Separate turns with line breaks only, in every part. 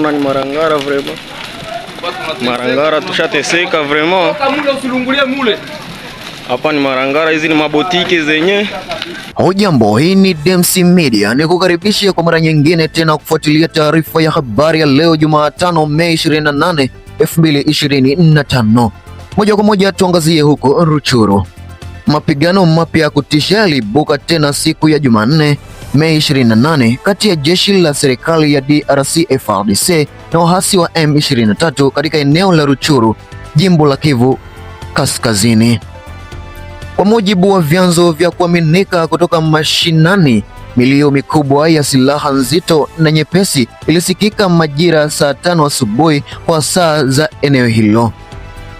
Naona ni marangara vraiment. Marangara tushateseka vraiment. Hapa ni marangara, hizi ni mabotiki zenye.
Hujambo, hii ni Dems Media, ni kukaribisha kwa mara nyingine tena kufuatilia taarifa ya habari ya leo Jumatano Mei 28, 2025. Moja kwa moja tuangazie huko Ruchuru. Mapigano mapya ya kutisha yalibuka tena siku ya Jumanne Mei 28 kati ya jeshi la serikali ya DRC FARDC na waasi wa M23 katika eneo la Ruchuru, jimbo la Kivu Kaskazini. Kwa mujibu wa vyanzo vya kuaminika kutoka mashinani, milio mikubwa ya silaha nzito na nyepesi ilisikika majira saa tano asubuhi kwa saa za eneo hilo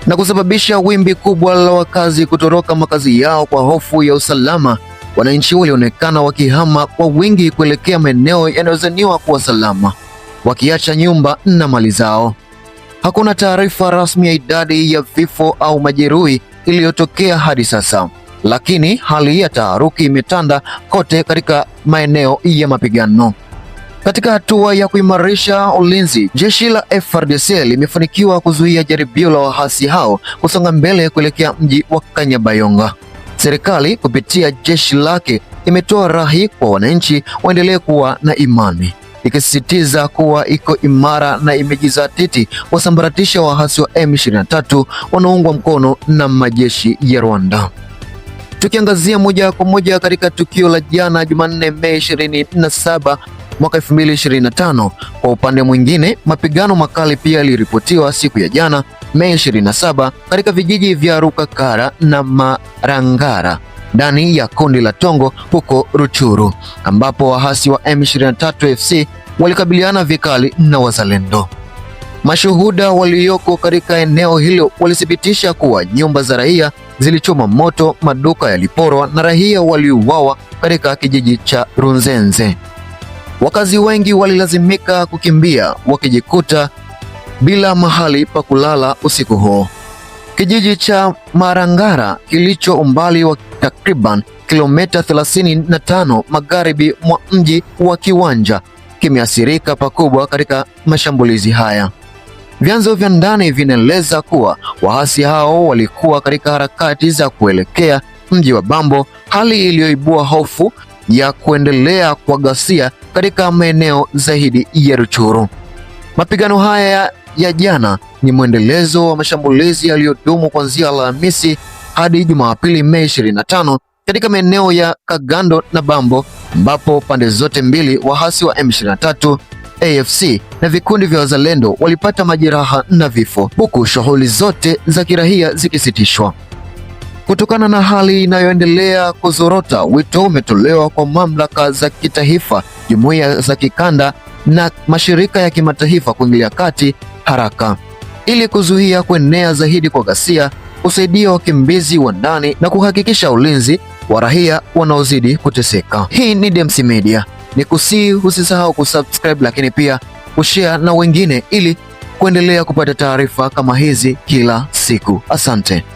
na kusababisha wimbi kubwa la wakazi kutoroka makazi yao kwa hofu ya usalama Wananchi walionekana wakihama kwa wingi kuelekea maeneo yanayozaniwa kuwa salama, wakiacha nyumba na mali zao. Hakuna taarifa rasmi ya idadi ya vifo au majeruhi iliyotokea hadi sasa, lakini hali ya taharuki imetanda kote katika maeneo ya mapigano. Katika hatua ya kuimarisha ulinzi, jeshi la FARDC limefanikiwa kuzuia jaribio la waasi hao kusonga mbele kuelekea mji wa Kanyabayonga. Serikali kupitia jeshi lake imetoa rahi kwa wananchi waendelee kuwa na imani, ikisisitiza kuwa iko imara na imejizatiti wasambaratisha waasi wa M23 wanaoungwa mkono na majeshi ya Rwanda. Tukiangazia moja kwa moja katika tukio la jana Jumanne, Mei 27 mwaka 2025. Kwa upande mwingine, mapigano makali pia yaliripotiwa siku ya jana Mei 27 katika vijiji vya Rukakara na Marangara ndani ya kundi la Tongo huko Ruchuru, ambapo waasi wa M23 FC walikabiliana vikali na wazalendo. Mashuhuda walioko katika eneo hilo walithibitisha kuwa nyumba za raia zilichoma moto, maduka yaliporwa na raia waliuawa katika kijiji cha Runzenze. Wakazi wengi walilazimika kukimbia wakijikuta bila mahali pa kulala usiku huo. Kijiji cha Marangara kilicho umbali wa takriban kilomita 35 magharibi mwa mji wa Kiwanja kimeathirika pakubwa katika mashambulizi haya. Vyanzo vya ndani vinaeleza kuwa waasi hao walikuwa katika harakati za kuelekea mji wa Bambo, hali iliyoibua hofu ya kuendelea kwa ghasia katika maeneo zaidi ya Ruchuru. Mapigano haya ya jana ni mwendelezo wa mashambulizi yaliyodumu kuanzia Alhamisi hadi Jumapili Mei 25 katika maeneo ya Kagando na Bambo ambapo pande zote mbili waasi wa M23 AFC na vikundi vya wazalendo walipata majeraha na vifo huku shughuli zote za kiraia zikisitishwa. Kutokana na hali inayoendelea kuzorota, wito umetolewa kwa mamlaka za kitaifa, jumuiya za kikanda na mashirika ya kimataifa kuingilia kati haraka ili kuzuia kuenea zaidi kwa ghasia, kusaidia wakimbizi wa ndani na kuhakikisha ulinzi wa raia wanaozidi kuteseka. Hii ni Dems Media, ni kusii usisahau kusubscribe, lakini pia kushare na wengine ili kuendelea kupata taarifa kama hizi kila siku. Asante.